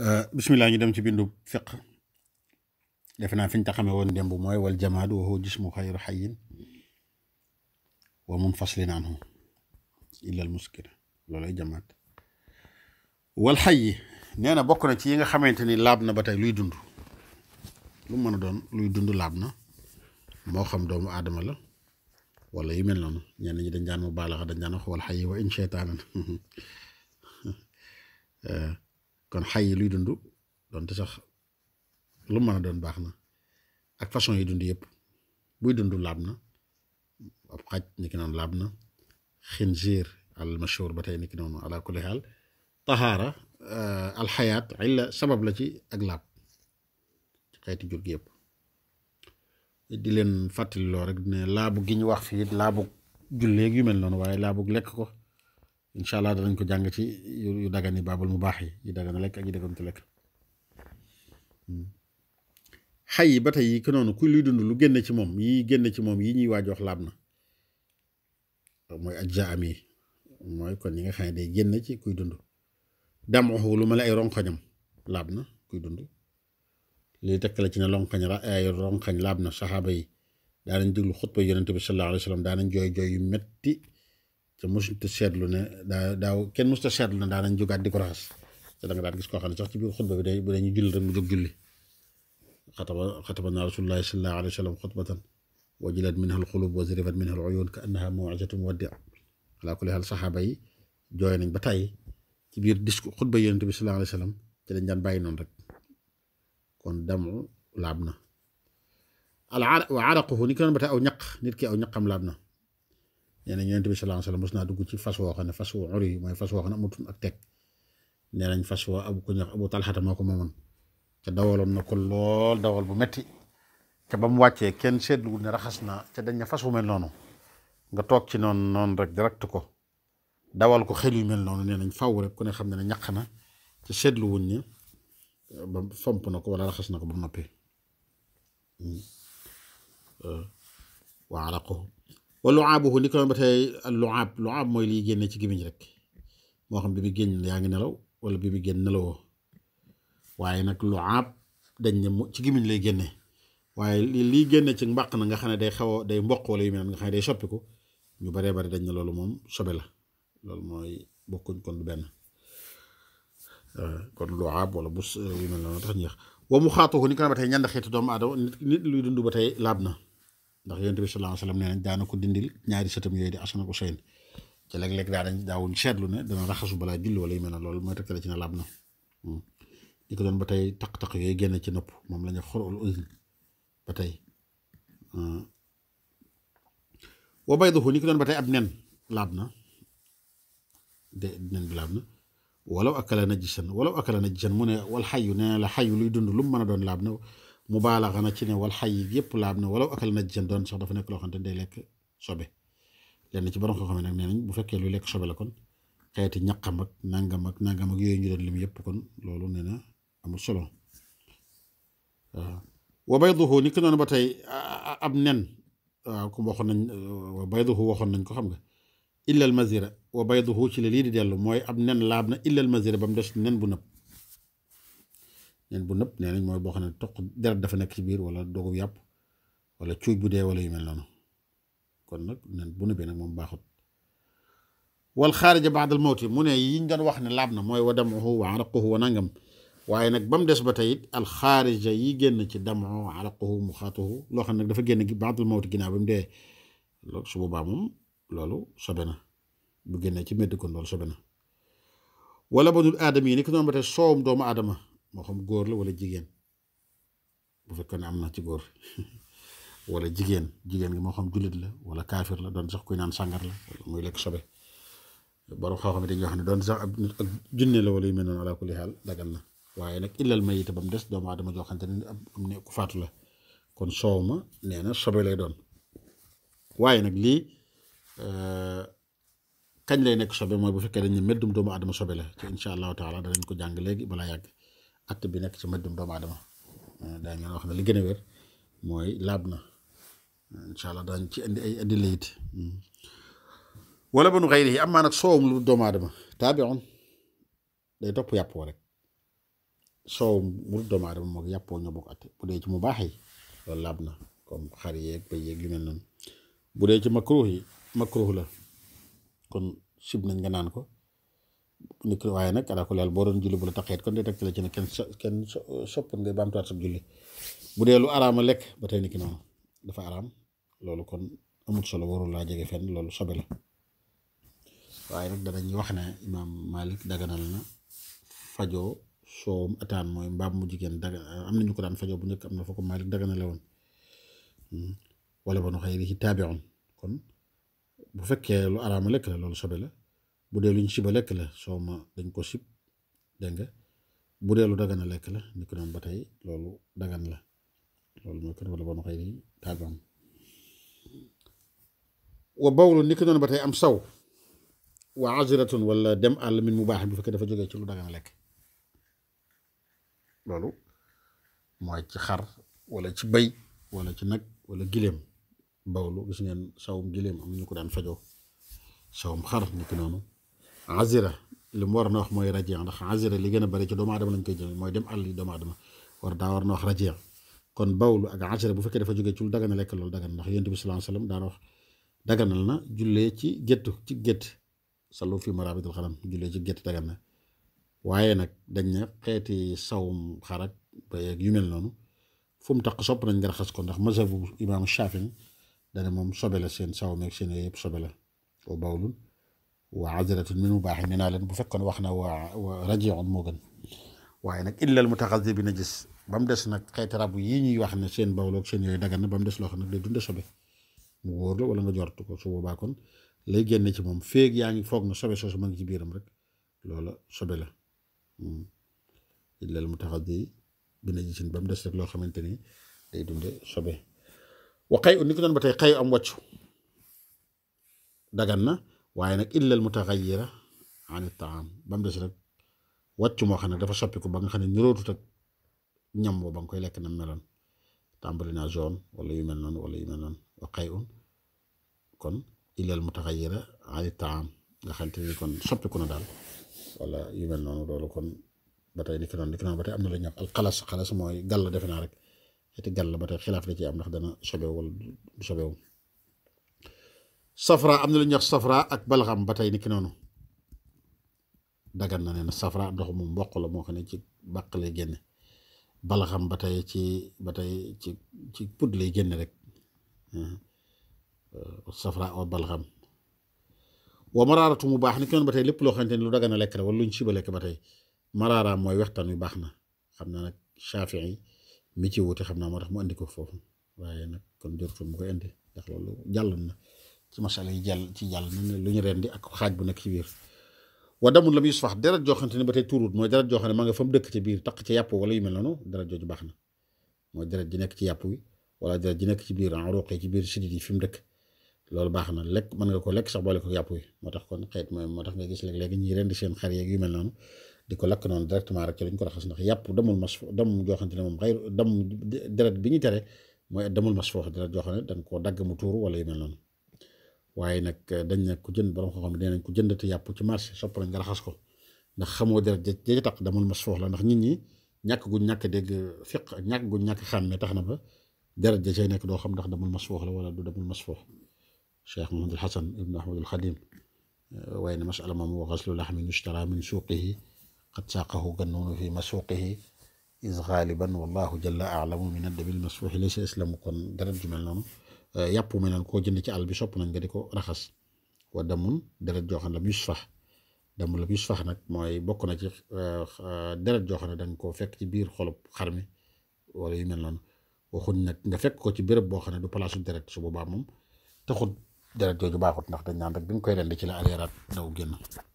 آه، بسم الله ندم تبين دو فقه لفنا فين تخمي وان دم بموي والجماد وهو جسم خير حي ومنفصل عنه إلا المسكرة لولا جماد والحي نينا بوكنا تي ينغ خمي انتني لابنا بتاي لوي دندو لما ندون لوي دندو لابنا مو خم دوم آدم الله ولا يمين لنا يعني جدا جانو بالغة دن جانو خوال حي وإن شيطان آه. kon xay yi luy dund doonte sax lu mën a doon baax na ak façon yi dund yëpp buy dund laab na ab xaj ni ki noonu laab na xinziir al mashhur ba tey ni ki noonu ala kulli xaal tahaara alxayaat illa sabab la ci ak laab ci xeeti jur gi yëpp di leen fàttaliloo rek ne laabu gi ñu wax fii laabu julleeg yu mel noonu waaye laabu lekk ko incha allah danañ ko jàng ci yu dagan yi baabul mu baax yi yu dagan lekk ak yu dagantu lekk hmm. xay yi ba tey yi ki noonu kuy luy dund lu génn ci moom yi génne ci moom yi ñuy waaj wax laab na mooy ajja am yi mooy kon yi nga xam ne day génn ci kuy dund dam waxu lu ma la ay ronkoñam laab na kuy dund lii tekk ci ne ronkoñ ay ronkoñ laab na saxaaba yi daanañ déglu xutba yonente bi sallallahu alayhi wa sallam daanañ jooy jooy yu metti te mosut a seetlu ne daa daaw kenn mosut a seetlu ne daa nañ jógaat di ko raxas te da nga daan gis koo xam ne sax ci biir xutba bi day bu dee ñu julli rek mu jóg julli xataba xataba naa rasulullahi sallallahu alayhi wa sallam xutbatan wajilat minha alxulub wa zirifat minha aluyun ka annaha mawizatu muwaddi ala kulli hal saxaaba yi jooy nañ ba tàyyi ci biir discours xutba yonente bi sallallahu alayhi wa sallam te dañ daan bàyyi noonu rek kon damu laab na al wa araquhu ni ko noon ba tey aw ñaq nit ki aw ñaqam laab na nee yenen tibi sallallahu alayhi wasallam mos naa dugg ci fas wo xane fas wo uri moy fas wo xane ne amutoon ak tek nee fas wo abu ko ñax abu talhata moo momon ca dawalon dawaloon na ko lool dawal bu metti ca bam wacce ken kenn ne raxasna ca dañ na fas wo mel nonu nga tok ci non non rek direct ko dawal ko xel yu mel nonu nee faw rek ku ne xamne na ñakna ñaq na wuñ ni bam fomp na ko wala raxas na ko noppi mu noppee. waa wa luaabuhu ni ko ba tey luaab luaab mooy lii génne ci gémmiñ rek moo xam bi bi génn yaa ngi nelaw wala bi bi génn nelawoo waaye nag luaab dañ ne ci gémmiñ lay génne waaye liy génne ci mbàq na nga xam ne day xaw a day mboq yu mel nga xam ne ñu baree bari dañ ne loolu moom sobe la loolu mooy bokkuñ kon du benn euh, kon luaab bu bus euh, yu mel noonu tax ñeex wa mu xaatuhu ni ko ba tey ñand xeetu doomu aadama nit luy dund ba tey laab na ndax yonent bi sallallahu alayhi wasallam nee nañ daana ko dindil ñaari sëtam yooyu di Asan ak Useyn ci léeg-léeg daa dañ daawuñ seetlu ne dana raxasu balaa julli wala yu mel ne loolu mooy tegtale ci ne laab na ñi ko doon ba tey taq-taq yooyu génn ci nopp moom la ñu xorul usin ba tey wa bayduhu ñi ko doon ba tey ab nen laab na de nen bi laab na walaw akala najisan walaw akala najisan mu ne wal xayu nee la xayu luy dund lu mu mën a doon laab na مبالغه آه. انا تي نوال آه، حي ييب لا امنا آه، ولو اكلنا الجندون صاح دا فا نيك لو خانت داي ليك صوبي لين تي بروم خو خامي نك نين بو فكيه لو ليك صوبي لا كون خيتي نياخام اك نانغام اك نانغام وبيضه نيك نون باتاي اب نين وبيضه واخون نن كو الا المزيره وبيضه تي ديالو موي اب لابنا الا المزيره بام داس نين ñen bu nëpp nee moy bo xamne tok ne deret dafa nek ci biir wala dogu yap wala ciuj bu de wala yu mel noonu kon nak nen bu nebe nak mom baxut wal kharij ba'd al mawt muné yi ñu doon wax ne laab na mooy wa damuhu wa araquhu wa nangam waye nak bam dess batay al kharij yi génn ci damu araquhu mukhatuhu lo xamne dafa génn gi ba'd al mawt gina bam de lo su boobaa mom lolu sobena na bu génnee ci meddu ko loolu sobena na wala ba dul aadama yi ni ko noonu ba tey doomu aadama moo xam góor la wala jigéen bu fekkoon ne am na ci góor wala jigéen jigéen gi moo xam jullit la wala kaafir la doon sax kuy naan sàngar la muy lekk sobe borom xaw xam ne dañuy wax ne doon sax ab ak junne la wala yu mel noonu ala kulli xaal dagal na waaye nag illal mayit ba mu des doomu aadama joo xamante ne am ne ku faatu la kon soow ma nee na sobe lay doon waaye nag lii kañ lay nekk sobe mooy bu fekkee dañ ne meddum doomu aadama sobe la ci incha allahu taala danañ ko jàng léegi balaa yàgg. att bi nekk ci mbëddum doomu aadama eh, daa ngeen wax ne li gën a wér mooy laab na incha allah daañ ci indi ay indi layit hmm. ba nu xëyri am maa nag soowum lu doomu aadama taabiun day topp yàppoo rek soowum mu doomu aadama moog yàppoo ñoo bokk atte bu dee ci mu baax yi loolu laab na comme xar yeeg bëy yeeg yu mel noonu bu dee ci makruh yi makruh la kon sib nañ nga naan ko niki waaye nag ala ko laal boo doon julli bu la taxeet kon day teg la ci ne kenn so kenn soppal ngay baamtuwaat sa julli bu dee lu araama lekk ba tey niki noonu dafa araam loolu kon amut solo laa jege fenn loolu sobe la waaye wax ne imaam Malik daganal na fajoo soowum ataan mooy mbaam mu jigéen daga am nañu ko daan fajoo bu njëkk am na fa ko Malik daganale woon hmm. wala ba nu xëy na ci kon bu fekkee lu araama lekk la loolu sobe la. bu dee lu ñu siba lekk la soow ma dañ ko sib dégg nga bu dee lu dagan lekk la ni ko noonu ba tey loolu dagan la loolu mooy kon wala ba ma xëy ni ko noonu ba tey am saw wa aziratun dem àll min baax bi fekkee dafa jógee ci lu lekk loolu mooy ci xar wala ci bay wala ci nag wala gileem bawlu gis ngeen sawum gileem am na ñu ko daan fajoo sawum xar ni ko noonu azira li mu waroon a wax mooy rajiya ndax azira li gën a bëri ci doomu aadama lañ koy jël mooy dem àll yi doomu aadama war daa war na wax rajiya kon bawlu ak azira bu fekkee dafa jógee ci lu dagan lekk loolu dagan ndax yonent bi sallallahu alayhi wasallam daan wax daganal na jullee ci géttu ci gétt sallu fi marabidil xanam jullee ci gétt dagan na waaye nag dañ ne xeeti sawum xarak ba yeeg yu mel noonu fu mu tax sopp nañ nga raxas ko ndax mazhabu imaamu Shaafi dana moom sobe la seen saw meeg seen yooyu yëpp sobe la oo bawlul wa azlatun min mubaaxin nee naa leen bu fekkoon wax na waa rajiun moo gën waaye nag illal mutaxazi bi najis ba mu des nag xeeti rab yi ñuy wax ne seen bawloog seen yooyu dagan na ba mu des loo xam ne day dunde sobe mu wóor la wala nga jortu ko su boobaa kon lay génne ci moom féeg yaa ngi foog na sobe soosu ma ngi ci biiram rek loola sobe la illal mutaxazi bi najisin ba mu des rek loo xamante ni day dunde sobe wa xëy ni ko doon ba tey xëy am wàccu dagan na waaye nag illal mutaxayira an taam ba mu des rek wàcc moo xam ne dafa soppiku ba nga xam ne nirootut ak ñam boo ba nga koy lekk na meloon tàmbali naa jaune wala yu mel noonu wala yu mel noonu wa xay un kon illal mutaxayira an taam nga xam te ni kon na daal wala yu mel noonu loolu kon ba tey niki noonu niki noonu ba tey am na lu ñuy wax al xalas xalas mooy gàll defe naa rek xeeti gàll ba tey xilaaf la ci am ndax dana sobeewu wala du sobeewu safra am na lu ñuy wax ak balxam ba tey ni ki noonu dagan na ne safra ndox mu mboq la moo xam ne ci bàq lay génne balxam ba tey ci ba tey ci ci pud lay génne rek hmm. euh, safra o balxam wa maraaratu mu baax ni ki noonu ba tey lépp loo xamante ni lu dagan a lekk la wala lu ñu ciba lekk ba tey maraara mooy waxtaan wi baax na xam naa nag yi mi ci wuute xam naa moo tax mu andi ko foofu waaye nag kon jotul mu koy andi ndax loolu jàll na. ci masala yi jàll ci jàll nañ lu ñu rendi ak xaaj bu nekk ci biir wa damul la mu yusfax deret joo xamante ne ba tey tuurut mooy deret joo xam ne maa nga fa mu dëkk ci biir taq ci yàpp wala yu mel noonu deret jooju baax na mooy deret ji nekk ci yàpp wi wala deret ji nekk ci biir en roqee ci biir sidit yi fi mu dëkk loolu baax na lekk mën nga ko lekk sax boole ko yàpp wi moo tax kon xeet mooy moo tax nga gis léeg-léegi ñuy rendi seen xar yeeg yu mel noonu di ko lakk noonu directement rek ci lañ ko raxas ndax yàpp damul mas dam joo xamante ne moom xëy dam deret bi ñu tere mooy damul mas foofu deret joo xam ne dañ koo dagg mu tuuru wala yu mel noonu waye nak dañ ne ku jënd borom xam dañ nee ku jëndati yap ci marché sopp nañ dara raxas ko ndax xamoo deret jëj tax damul ma soxla ndax nit ñi ñak guñ ñak dégg fiq ñak ñàkk guñ ñàkk xàmmee tax na ba dara ja nak do xam ndax damul ma soxla wala du damul ma sox cheikh mohammed mahamadul xasan ibnu ahmadul xadim waaye ne masala moom wa xaslu laxmin yushtara min suuqihi qad saqahu gannun fi masuuqihi iz ghaliban wallahu jalla a'lamu min ad-dabil masuuxi laysa islamu kon dara ju mel yapu menan ko jënd ci àll bi sopp nañ nga di raxas wa damun deret joo xam ne lam yusfax damu lam yusfax nak moy bokku na ci deret joo xam dañ ko fekk ci bir xolub xar wala yu mel non waxuñ nak nga fekk ko ci béréb bo xam du place deret su boobaa mom taxut deret jooju baxut nak dañ nan rek bi ngui koy rend ci la aleeraat daw génn